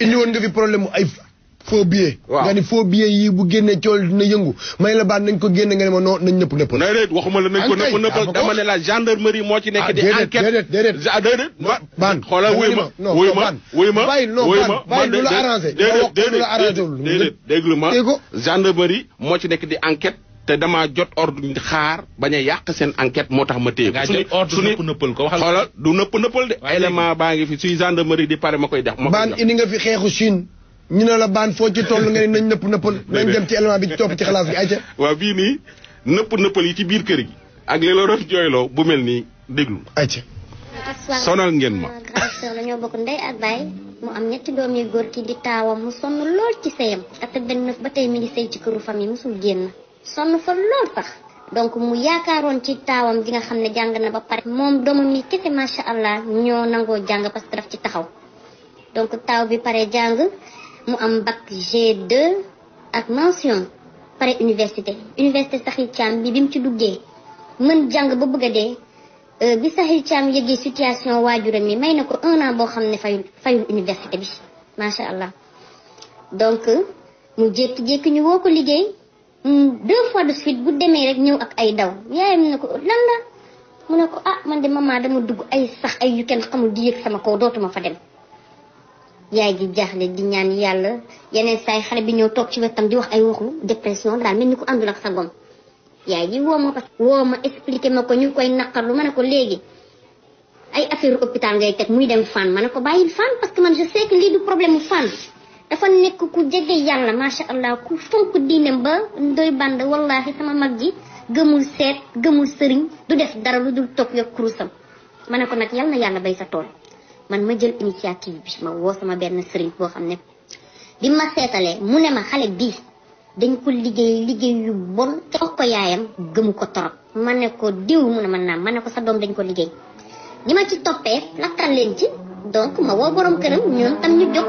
indi woon nga fi problème mu ay faux billets. waaw nga ni faux billets yi bu génnee cool dina yëngu may la baat nañ ko génne nga ne ma non nañ nëpp nëppal. na déedéet waxuma la nañ ko nëpp nëppal ah, dama ne la gendarmerie moo ci nekk di. Ah, enquête déedéet déedéet déedéet. Ah, ban xoolal wuyu ma wuyu ma wuyu ma bàyyi non ban bàyyi lu la arrangé. déedéet déedéet déedéet déglu ma gendarmerie moo ci nekk di enquête te dama jot ordre ni xaar baña yak sen enquête motax ma téye ko suñu suñu neppal ko waxal xolal du nepp neppal de élément baangi fi suñu gendarmerie di paré makoy koy def ban indi nga fi xeexu Chine ñu ne la ban fo ci tollu ngay nañ nepp neppal nañ dem ci élément bi ci topp ci xalaas bi ayca waaw bii nii nëpp nëppal yi ci biir kër gi ak lélo rof joylo bu melni nii déglu ayca sonal ngeen ma ak bokk ndey ak baay mu am ñetti doom yu góor ki di tawam mu sonu lol ci seyam ak benn batay mi ngi sey ci këru famille musul genn sonn fa lool tax donc mu yaakaaroon ci taawam ji nga xam ne jàng na ba pare moom doomam yi kese macha allah ñoo nangoo jàng parce que daf ci taxaw donc taaw bi pare jàng mu am bac G2 ak mention pare université université Sakhir Thiam bi bi mu ci duggee mën jàng ba bëgg a dee euh, bi Sakhir Thiam yëgee situation waajuram mi may na ko un an boo xam ne fayul fayul université bi macha allah donc mu jékki-jékki ñu woo ko liggéey. Hmm, deux fois de suite bu demee rek ñëw ak ay daw yaayam ne ko lan la mu ne ko ah man de maman dama dugg ay sax ay yu kenn xamul di yëg sama kaw dootuma fa dem. yaay ji jaaxle di ñaan yàlla yeneen saay xale bi ñëw toog ci wetam di wax ay waxu dépression daal mel ni ko àndul ak sa gom yaay ji woo ma parce woo ma expliqué ma ko ñu ngi koy naqarlu ma ne ko léegi ay affaire hôpital ngay teg muy dem fan ma ne ko bàyyil fan parce que man je sais que lii du dafa nekk ku jege yàlla Masha allah ku fonk diinam ba ndoy wallahi sama mag ji gëmul seet gëmul sëriñ du def dara lu dul toog yor ya, kurusam ma ne ko nag yàlla na yàlla bay sa tool man ma jël initiative bi ma woo sama benn sëriñ boo xam ne bi ma seetalee mu ne ma xale bii dañ ko liggéey liggéey yu bon te ko yaayam gëmu ko torop ma ne ko diw mu ne man naam ma ko sa doom dañ ko liggéey ni ma ci toppee nattal leen ci donc ma woo borom këram ñoom tam ñu jóg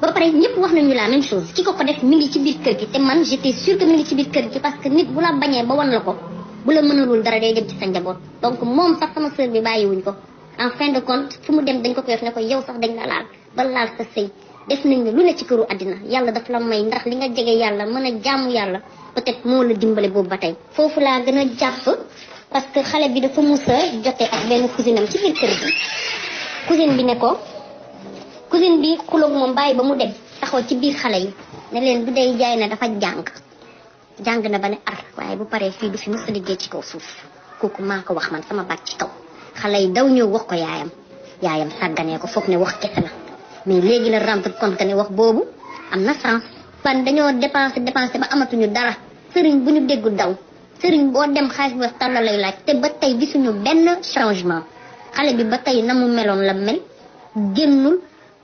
ba pare ñëpp wax nañu la même chose ki ko ko def mi ngi ci biir kër gi te man j'étais sûre que mi ngi ci biir kër gi parce que nit bu la bañee ba wan la ko bu la mënalul dara day dem ci sa njaboot donc moom sax sama sœur bi bàyyiwuñ ko en fin de compte fu mu dem dañ ko koy def ne ko yow sax dañ la laal ba laal sa sëy def nañ ne lu ne ci këru àddina yàlla daf la may ndax li nga jege yàlla mën a jaamu yàlla peut moo la dimbale boobu ba tey foofu laa gën a xale bi dafa a jotee ak benn cousinam ci biir bi ne ko cousine bi kulok mom bay ba mu dem taxaw ci biir xalé yi ne len du day jaay na dafa jang jang na bané ar waye bu paré fi du fi mës a ci kaw suuf koku mako wax man sama bac ci kaw xalé yi daw ñëw wax ko yaayam yaayam sàgganee ko fokk ne wax kese la mais légui la rampe compte que ne wax bobu amna sens ban dañoo dépenser dépenser ba ñu dara sëriñ bu ñu déggu daw sëriñ bo dem xaliss tan lay laaj te ba tay gisunu ben changement xalé bi ba tay namu la mel gennul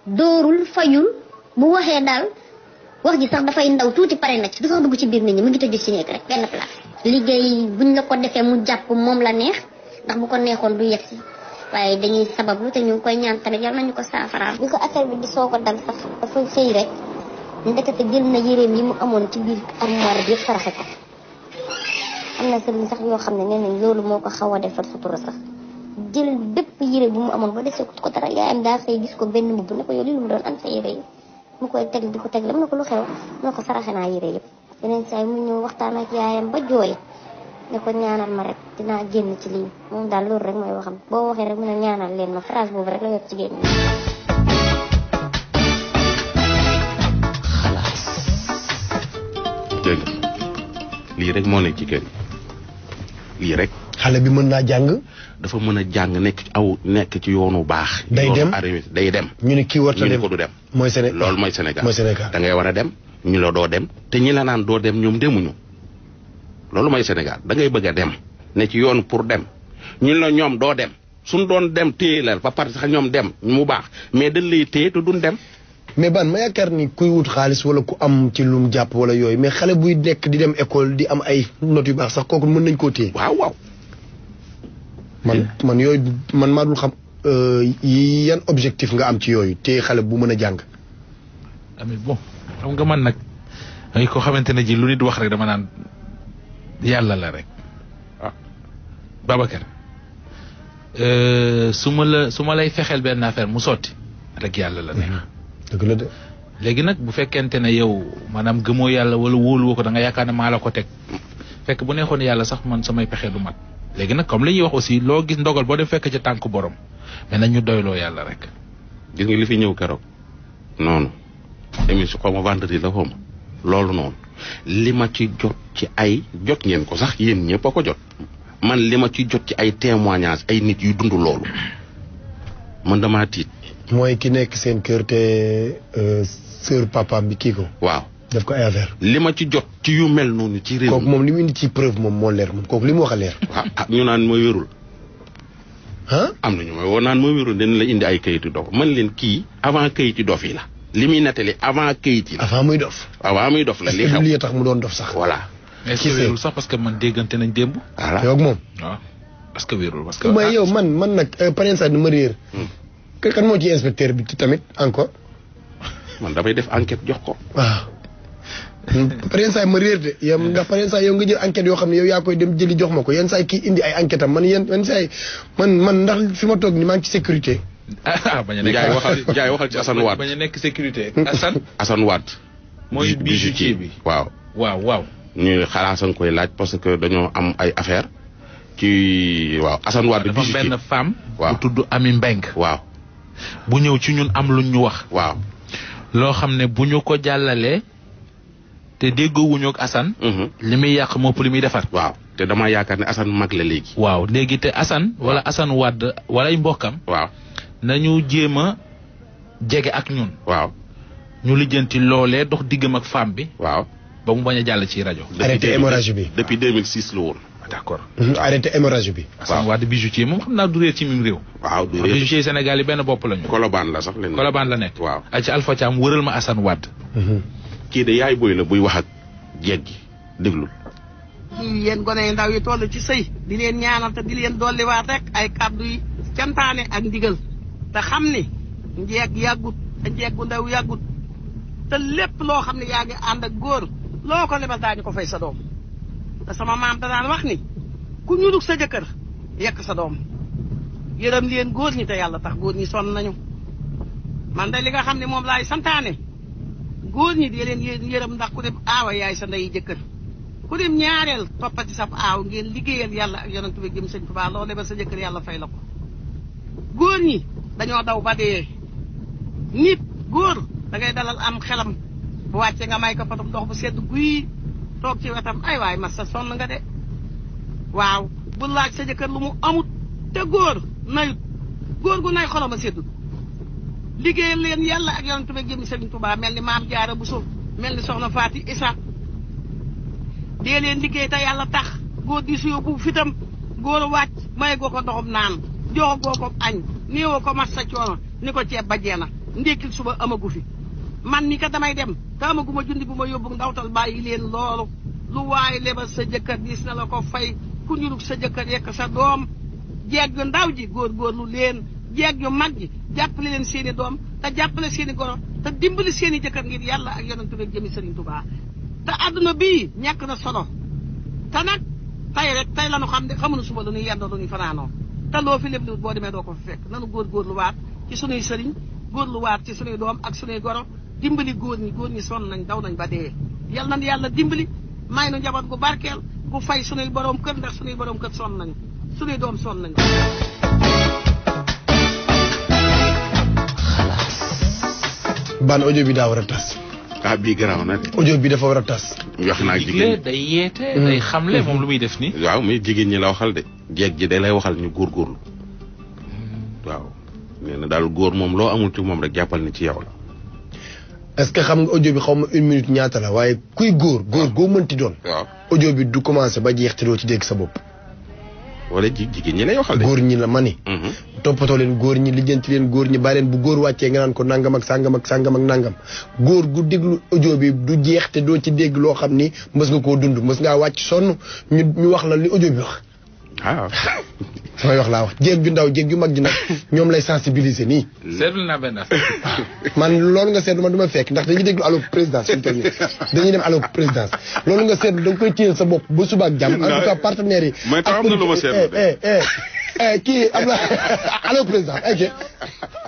dóorul fayul bu waxee daal wax ji sax dafay ndaw tuuti pare na ci du sax dugg ci biir nit ñi mu ngi tëju ci néeg rek benn place. liggéey buñ la ko defee mu jàpp moom la neex ndax bu ko neexoon du yegg waaye dañuy sabablu te ñu ngi koy ñaan tamit yal nañu ko saafaraal. bi ko affaire bi di soo ko dal sax dafa sëy rek ndekete jël na yéreem yi mu amoon ci biir armoire bi yëpp saraxe ko am na sëriñ sax yoo xam ne nee nañ loolu moo ko xaw a defar sutura sax. jël bépp yére bu mu amoon ba dese ko dara yaayam daa xëy gis ko benn mbubb ne ko yow li lu mu doon am sa yére yi mu koy teg di ko teg la mu ne ko lu xew mu ne ko saraxe naa yére yëpp beneen saa yi mu ñëw waxtaan ak yaayam ba jooy ne ko ñaanal ma rek dinaa génn ci lii moom daal loolu rek mooy waxam boo waxee rek mu ne ñaanal leen ma phrase boobu rek la yor ci génn xalaas dégg lii rek moo nekk ci kër yi lii rek xale bi mën naa jàng. dafa mën a jàng nekk aw nekk ci yoonu baax. day dem day dem. ñu ne kii war ta dem ñu ne ko du dem. mooy Sénégal loolu mooy Sénégal. mooy Sénégal da ngay war a dem ñu la doo dem. te ñi la naan doo dem ñoom demuñu loolu mooy Sénégal da ngay bëgg a dem. ne ci yoon pour dem ñu la ñoom doo dem suñ doon dem téye la ba pare sax ñoom dem mu baax mais dañ lay téye te duñ dem. mais ban ma yaakaar ni kuy wut xaalis wala ku am ci lum jàpp wala yooyu mais xale buy nekk di dem école di am ay notes yu baax sax kooku mën nañ koo téye. waaw waaw man man yooyu man maa dul xam euh, yan objectif nga am ci yooyu te xale bu mën a jàng. ami bon xam nga man nag ay ko xamante ne jii lu nit wax rek dama naan yàlla la rek waaw ah. Babacar euh, su ma la su lay fexeel benn affaire mu sotti rek yàlla la ne mm-hmm. dëgg la léegi nag bu fekkente ne yow maanaam gëmoo yàlla wala wóoluwoo ko da nga yaakaar ne maa la ko teg fekk bu neexoon yàlla sax man samay pexe du mat. léegi nag comme li ñuy wax aussi loo gis ndogal boo dem fekk ci tànk borom mais a ñu doyloo yàlla rek. gis nga li fi ñëw keroog noonu émission xaw ma vendredi la xaw loolu noonu li ma ci jot ci ay jot ngeen ko sax yéen ñëpp ko jot man li ma ci jot ci ay témoignages ay nit yu dund loolu man damaa tiit. mooy ki nekk seen kër te euh, sœur papaam kii ko. waaw. daf ko inverse lima ci jot ci yu mel noonu ci réew kok mom limi mu indi ci preuve mom mo leer mom kok li waxa leer ah, ah, ñu naan mo wérul ah amna ñu mo naan mo wérul den la indi ay kayitu dof man len ki avant kayitu dof yi la limi netali avant kayitu avant muy dof ah, avant muy dof la li xam li tax mu don dof sax voilà est-ce que wérul sax parce que man déggante nañ dembu voilà yow ak moom waaw parce que wérul parce que mais yow man man nak euh, parrain sa dama réer hmm. kan mo ci inspecteur bi tamit encore man damay def enquête jox ko waaw par yenn saa yi ma réer de yow nga par yow xam ne yow yaa koy dem jëli jox ma ko yenn saa yi kii indi ay enquête am man yenn yenn man man ndax fi ma toog ni maa ngi ci sécurité. ah a nekk Ndiaye waxal Ndiaye waxal ci Assane Wade bañ a nekk sécurité. Assane Assane Wade. mooy bi waaw. waaw waaw. ñu xalaat koy laaj parce que dañoo am ay affaire ci waaw Assane Wade. bijoutier dafa benn femme. waaw bu tudd Ami Mbengue. waaw ñëw ci ñun am luñ ñu wax. waaw loo xam ne buñu ko jàllalee. te déggoowuñu ak Assane. Mhm. li muy yàq mopp li muy defar. waaw te damaa yaakaar ne Assane mag la léegi. waaw léegi te Assane wala Assane Wade wala ay mbokkam. waaw nañu jéem a jege ak ñun. waaw ñu lijjanti loolee dox diggam ak femme bi. waaw ba mu bañ a jàll ci rajo. Mhm, arrêté hémorragie bi depuis 2006 la woon. d' accord arrêté hémorragie bi. waaw Assane Wade moom xam naa du réer ci mim réew. waaw du réer yi benn bopp la ñu. Colobane la sax lenn. Colobane la nekk. waaw ak ci Alpha Thiam wëral ma Assane Wade. Mhm. kii de yaay booy la buy wax ak jeeg gi déglul yéen gone ndaw yi toll ci sëy di leen ñaanal te di leen dolliwaat rek ay kàddu yi cantaane ak ndigal te xam ni njeeg yàggut te njeeg bu ndaw yàggut te lépp loo xam ne yaa ànd ak góor loo ko lebal daañu ko fay sa doom te sama maam da daan wax ni ku ñulug sa jëkkër yekk sa doom yërëm leen góor ñi te yàlla tax góor ñi son nañu man de li nga xam ne moom lay santaane goor ñi di leen yeeram ndax ku dem aawa yaay sa ndey jëkkër ku dem ñaareel ci sab aaw ngeen liggéeyal yàlla ak yonent bi gëm sëñ Tuubaa loo lebal sa jëkkër yàlla fay la ko góor ñi dañoo daw ba dee nit góor da ngay dalal am xelam bu wàccee nga may ko patum dox bu sedd guy toog ci wetam ay waay mas sa sonn nga de waaw bu laaj sa jëkkër lu mu amut te góor nayut góor gu nay xolama liggéey leen yàlla ak yonent ba jëm Serigne Touba mel ni maam jaara bu sul mel ni soxna Faati Isa dee leen liggéey te yàlla tax góor di suyo bu fitam góor wàcc may goo ko nan naan joxo goo ko añ néewo ko mas sa coono ni ko ceeb bajee na ndékkil suba amagu fi man ni ka damay dem te amaguma jundi bu ma yóbbu ndawtal bàyyi leen loolu lu waaye lebal sa jëkkër diis na la ko fay ku ñurug sa jëkkër yekk sa doom jeeg yu ndaw ji góor góorlu leen jeeg yu mag yi jàppale leen seen doom te jàppale seeni i goro te dimbali seen i jëkkër ngir yàlla ak yonent bi jëmi Sëriñ Tuubaa te àdduna bii ñàkk na solo te nag tey rek tey la ñu xam ne xamuñu suba lu ñuy yendoo lu ñuy fanaanoo te loo fi lépp lu boo demee doo ko fa fekk nanu góor góor lu waat ci sunuy sëriñ góor lu waat ci sunuy doom ak sunuy goro dimbali góor ñi góor ñi son nañ daw nañ ba dee yal nañ yàlla dimbali may nu njaboot gu barkeel gu fay sunuy borom kër ndax sunuy borom kër sonn nañu sunuy doom sonn nañu baan audio bi daa war a tas. ah bii garaaw na de. audio bi dafa war a tas. wax naa jigéen day yeete day mm. moom lu muy def nii. waaw mais jigéen ñi la waxal de. jeeg ji day lay waxal ñu góorgóorlu mm. waaw nee na daal góor moom loo amul ci moom rek jàppal ni ci yow la. est-ce que xam nga audio bi xaw ma une minute ñaata la waaye kuy góor góor ah. goo mënti doon. waaw audio bi du commencé ba jeex ti doo ci dégg sa bopp. wala jigéen ñi lay waxal de. góor ñi la ma ni. Mm-hmm. toppatoo leen góor ñi lijjanti leen góor ñi bàyyi bu góor wàccee nga naan ko nangam ak sàngam ak sàngam nangam góor gu déglu audio bi du jeex te doo ci dégg loo xam ni mës nga koo dund mës ngaa wàcc sonn ñu ñu wax la li audio bi wax. waaw. Ah. samay wax laa wax jéeg ju ndaw jéeg ju mag ji nag ñoom lay sensibiliser nii. seetlu naa benn ah. man loolu nga seetlu man du ma fekk ndax dañuy déglu allo présidence suñu toll dañuy dem allo présidence loolu nga seetlu da koy téyel sa bopp ba suba ak jàmm. en tout cas yi. ma seetlu de eh, eh, eh, kii am na présidence ok.